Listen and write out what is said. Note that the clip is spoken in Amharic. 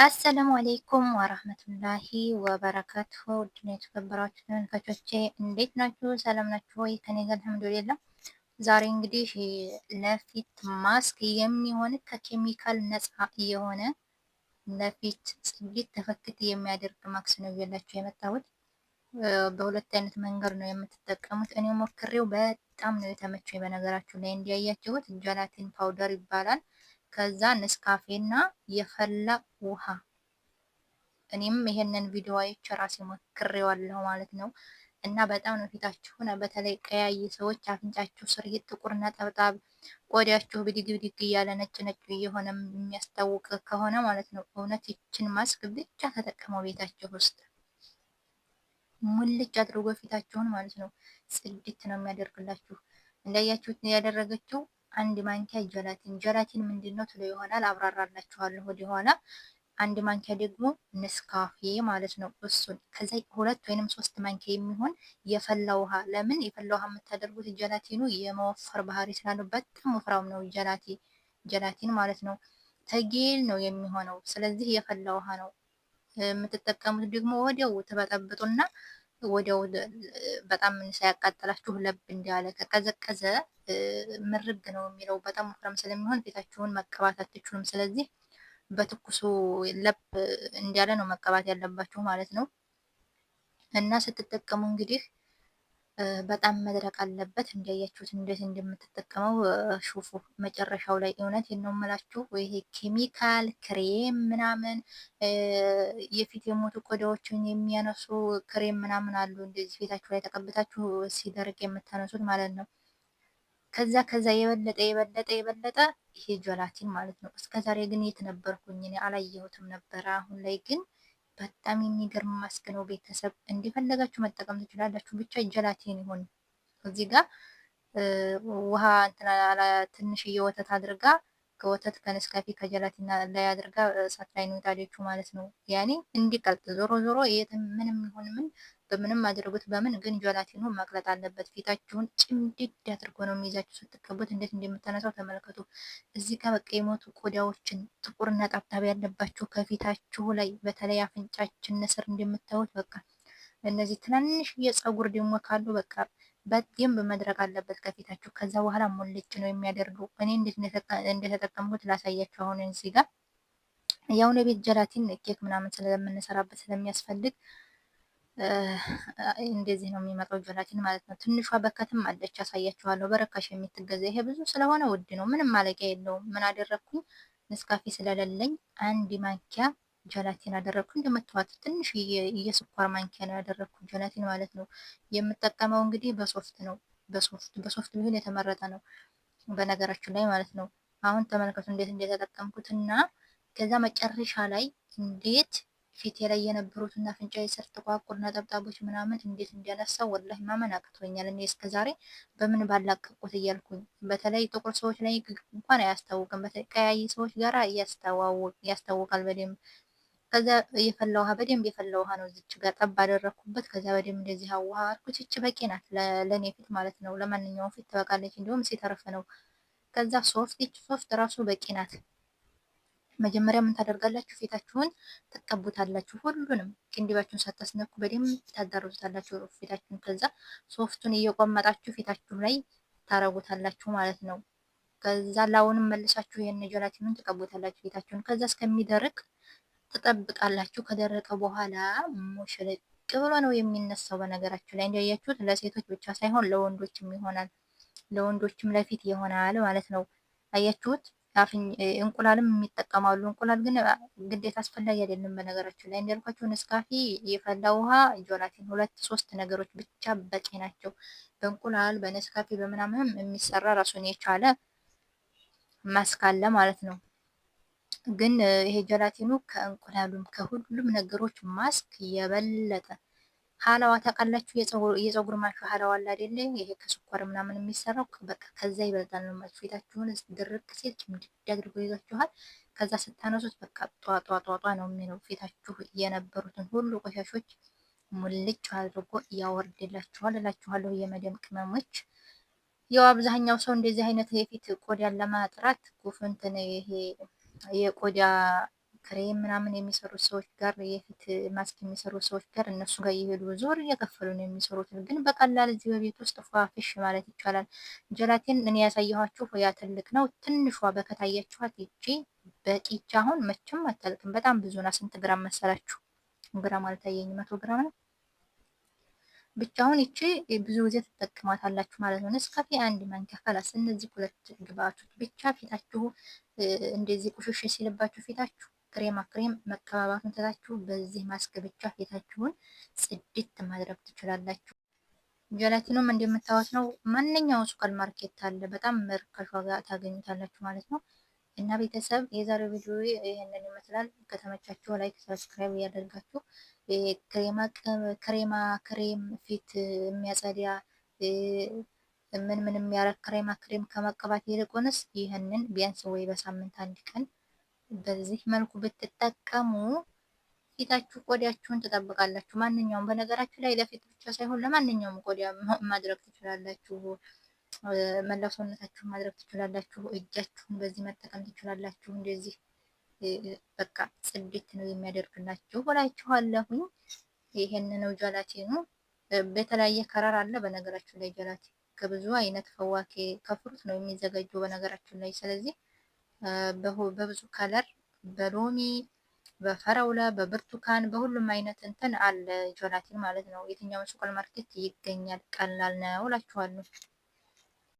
አሰላሙ አሌይኩም ወራህመቱላሂ ወበረካቱ። ውድና የተከበራችሁ ተመልካቾቼ እንዴት ናችሁ? ሰላም ናችሁ ወይ? ከኔ ጋር አልሐምዱሊላህ። ዛሬ እንግዲህ ለፊት ማስክ የሚሆን ከኬሚካል ነጻ የሆነ ለፊት ጽጌት ተፈክት የሚያደርግ ማስክ ነው እያላችሁ የመጣሁት በሁለት አይነት መንገድ ነው የምትጠቀሙት። እኔ ሞክሬው በጣም ነው የተመቸኝ። በነገራችሁ ላይ እንዲያያችሁት ጀላቲን ፓውደር ይባላል። ከዛ ነስካፌ እና የፈላ ውሃ። እኔም ይሄንን ቪዲዮ አይቼ ራሴ ሞክሬዋለሁ ማለት ነው። እና በጣም ነው ሆነ በተለይ ቀያይ ሰዎች አፍንጫችሁ ስር ይህ ጥቁር ነጠብጣብ፣ ቆዳችሁ ብድግ ብድግ እያለ ነጭ ነጭ እየሆነ የሚያስታውቅ ከሆነ ማለት ነው እውነት ይችን ማስክ ብቻ ተጠቀመው ቤታችሁ ውስጥ ሙልጭ አድርጎ ፊታችሁን ማለት ነው ጽድት ነው የሚያደርግላችሁ። እንዳያችሁት ያደረገችው አንድ ማንኪያ ጀላቲን። ጀላቲን ምንድን ነው ትሎ ይሆናል፣ አብራራላችኋለሁ ወደ ኋላ። አንድ ማንኪያ ደግሞ ንስካፌ ማለት ነው። እሱን ከዚ ሁለት ወይንም ሶስት ማንኪያ የሚሆን የፈላ ውሃ። ለምን የፈላ ውሃ የምታደርጉት ጀላቲኑ የመወፈር ባህሪ ስላለው በጣም ወፍራም ነው ጀላቲን ማለት ነው። ተጌል ነው የሚሆነው። ስለዚህ የፈላ ውሃ ነው የምትጠቀሙት። ደግሞ ወዲያው ትበጠብጡና ወዲያው በጣም ሳያቃጥላችሁ ለብ እንዳለ ከቀዘቀዘ ምርግ ነው የሚለው። በጣም ወፍራም ስለሚሆን ፊታችሁን መቀባት አትችሉም። ስለዚህ በትኩሱ ለብ እንዳለ ነው መቀባት ያለባችሁ ማለት ነው። እና ስትጠቀሙ እንግዲህ በጣም መድረቅ አለበት። እንዲያያችሁት እንዴት እንደምትጠቀመው ሹፉ መጨረሻው ላይ እውነት ነው የምላችሁ። ይሄ ኬሚካል ክሬም ምናምን የፊት የሞቱ ቆዳዎችን የሚያነሱ ክሬም ምናምን አሉ። እንደዚህ ፊታችሁ ላይ ተቀብታችሁ ሲደርቅ የምታነሱት ማለት ነው። ከዛ ከዛ የበለጠ የበለጠ የበለጠ ይሄ ጀላቲን ማለት ነው። እስከዛሬ ግን የት ነበርኩኝ እኔ አላየሁትም ነበረ። አሁን ላይ ግን በጣም የሚገርም ማስክ ነው። ቤተሰብ እንደፈለጋችሁ መጠቀም ትችላላችሁ። ብቻ ጀላቲን ይሁን። እዚህ ጋር ውሃ ትንሽዬ ወተት አድርጋ ከወተት ከነስካፌ ከጀላቲና ላይ አድርጋ እሳት ላይ ነው የጣደችው ማለት ነው። ያኔ እንዲቀልጥ ዞሮ ዞሮ ምንም ይሁን ምን በምንም አድርጉት በምን ግን ጀላቲኑ መቅለጥ አለበት። ፊታችሁን ጭምድድ አድርጎ ነው የሚይዛችሁ ስትቀቡት፣ እንዴት እንደምታነሳው ተመልከቱ። እዚህ ጋር በቃ የሞቱ ቆዳዎችን ጥቁርና ጣብጣብ ያለባችሁ ከፊታችሁ ላይ በተለይ አፍንጫችን ስር እንደምታዩት በቃ እነዚህ ትናንሽ የፀጉር ደግሞ ካሉ በቃ በደንብ መድረቅ አለበት ከፊታችሁ። ከዛ በኋላ ሙልጭ ነው የሚያደርጉ። እኔ እንደተጠቀምኩት ላሳያችሁ። አሁን እዚህ ጋር የአሁን ቤት ጀላቲን ኬክ ምናምን ስለምንሰራበት ስለሚያስፈልግ እንደዚህ ነው የሚመጣው ጀላቲን ማለት ነው። ትንሿ በከትም አለች ያሳያችኋለሁ። በረካሽ የሚትገዛ ይሄ ብዙ ስለሆነ ውድ ነው። ምንም ማለቂያ የለውም። ምን አደረግኩኝ? ንስካፌ ስለሌለኝ አንድ ማንኪያ ጀላቲን አደረግኩ። እንደምታዋት ትንሽ የስኳር ማንኪያ ነው ያደረግኩ ጀላቲን ማለት ነው። የምጠቀመው እንግዲህ በሶፍት ነው። በሶፍት በሶፍት ቢሆን የተመረጠ ነው በነገራችን ላይ ማለት ነው። አሁን ተመልከቱ እንዴት እንደተጠቀምኩት እና ከዛ መጨረሻ ላይ እንዴት ፊቴ ላይ የነበሩትና አፍንጫ ስር ጥቋቁር ነጠብጣቦች ምናምን እንዴት እንዲያነሳው ወላሂ ማመን አቅቶኛል። እኔ እስከዛሬ በምን ባላቀቁት እያልኩኝ በተለይ ጥቁር ሰዎች ላይ እንኳን አያስታውቅም። ቀያይ ሰዎች ጋራ ያስታውቃል በደንብ ከዛ የፈላ ውሃ በደንብ የፈላ ውሃ ነው እዚች ጋር ጠብ አደረግኩበት። ከዛ በደንብ እንደዚህ አዋሃ አልኩት። እች በቂ ናት ለእኔ ፊት ማለት ነው፣ ለማንኛውም ፊት ትበቃለች። እንዲሁም ሲተርፍ ነው። ከዛ ሶፍት፣ ይች ሶፍት ራሱ በቂ ናት። መጀመሪያ ምን ታደርጋላችሁ? ፊታችሁን ትቀቡታላችሁ። ሁሉንም ቅንድባችሁን ሳታስነኩ በደንብ ታዳርዙታላችሁ ፊታችሁን። ከዛ ሶፍቱን እየቆመጣችሁ ፊታችሁ ላይ ታረጉታላችሁ ማለት ነው። ከዛ ላውንም መልሳችሁ ይህን ጀላቲኑን ትቀቡታላችሁ ፊታችሁን ከዛ እስከሚደርቅ ትጠብቃላችሁ። ከደረቀ በኋላ ሙሽርቅ ብሎ ነው የሚነሳው። በነገራችሁ ላይ እንዳያችሁት ለሴቶች ብቻ ሳይሆን ለወንዶችም ይሆናል። ለወንዶችም ለፊት ይሆናል ማለት ነው። አያችሁት? እንቁላልም የሚጠቀማሉ። እንቁላል ግን ግዴታ አስፈላጊ አይደለም። በነገራችሁ ላይ እንዳልኳችሁ ንስካፊ የፈላ ውሃ፣ ጆላቲን ሁለት ሶስት ነገሮች ብቻ በቂ ናቸው። በእንቁላል በንስካፊ በምናምንም የሚሰራ ራሱን የቻለ ማስካለ ማለት ነው። ግን ይሄ ጀላቲኑ ከእንቁላሉም ከሁሉም ነገሮች ማስክ የበለጠ ሀላዋ ታውቃላችሁ፣ የፀጉር ማሹ ሀላዋ አለ አይደለ? ይሄ ከስኳር ምናምን የሚሰራው በቃ ከዛ ይበልጣል ነው ማለት። ፊታችሁን ድርቅ ሲል ጭምድድ አድርጎ ይዛችኋል። ከዛ ስታነሱት በቃ ጧጧጧጧ ነው የሚለው። ፊታችሁ የነበሩትን ሁሉ ቆሻሾች ሙልጭ አድርጎ እያወርድላችኋል እላችኋለሁ የመደም ቅመሞች። ያው አብዛኛው ሰው እንደዚህ አይነት የፊት ቆዳን ለማጥራት ጉፍንትን ይሄ የቆዳ ክሬም ምናምን የሚሰሩ ሰዎች ጋር የፊት ማስክ የሚሰሩ ሰዎች ጋር እነሱ ጋር እየሄዱ ዞር እየከፈሉ ነው የሚሰሩት። ግን በቀላል እዚህ በቤት ውስጥ ፏፍሽ ማለት ይቻላል። ጀላቲን እኔ ያሳየኋችሁ ያ ትልቅ ነው። ትንሿ በከታያችኋት ይቺ በቂቻ አሁን መቼም አታልቅም። በጣም ብዙ ና ስንት ግራም መሰላችሁ? ግራም አልታየኝ መቶ ግራም ነው። ብቻውን ይቺ ብዙ ጊዜ ትጠቅማታላችሁ ማለት ነው። ነስካፌ አንድ ማንኪያ ከላስ። እነዚህ ሁለት ግብአቶች ብቻ ፊታችሁ እንደዚህ ቁሽሽ ሲልባችሁ ፊታችሁ ክሬማ ክሬም መቀባባቱን ትታችሁ በዚህ ማስክ ብቻ ፊታችሁን ጽድት ማድረግ ትችላላችሁ። ጀላቲኑም እንደምታዩት ነው። ማንኛውም ሱፐር ማርኬት አለ፣ በጣም ርካሽ ዋጋ ታገኙታላችሁ ማለት ነው። እና ቤተሰብ የዛሬው ቪዲዮ ይህንን ይመስላል። ከተመቻችሁ ላይክ፣ ሰብስክራይብ እያደርጋችሁ ክሬማ ክሬም ፊት የሚያጸዳ ምን ምን የሚያረግ ክሬማ ክሬም ከመቀባት ይልቁንስ ይህንን ቢያንስ ወይ በሳምንት አንድ ቀን በዚህ መልኩ ብትጠቀሙ ፊታችሁ ቆዳችሁን ትጠብቃላችሁ። ማንኛውም በነገራችሁ ላይ ለፊት ብቻ ሳይሆን ለማንኛውም ቆዳ ማድረግ ትችላላችሁ። መላ ሰውነታችሁን ማድረግ ትችላላችሁ። እጃችሁን በዚህ መጠቀም ትችላላችሁ። እንደዚህ በቃ ጽድት ነው የሚያደርግላችሁ እላችኋለሁኝ። ይሄን ነው ነው። በተለያየ ከረር አለ በነገራችን ላይ ጀላቲ ከብዙ አይነት ፈዋኬ ከፍሩት ነው የሚዘጋጀው በነገራችሁ ላይ ስለዚህ በብዙ ከለር በሎሚ በፈረውላ በብርቱካን በሁሉም አይነት እንትን አለ ጆላቲን ማለት ነው። የትኛውን ሱፐር ማርኬት ይገኛል? ቀላል ነው እላችኋለሁ።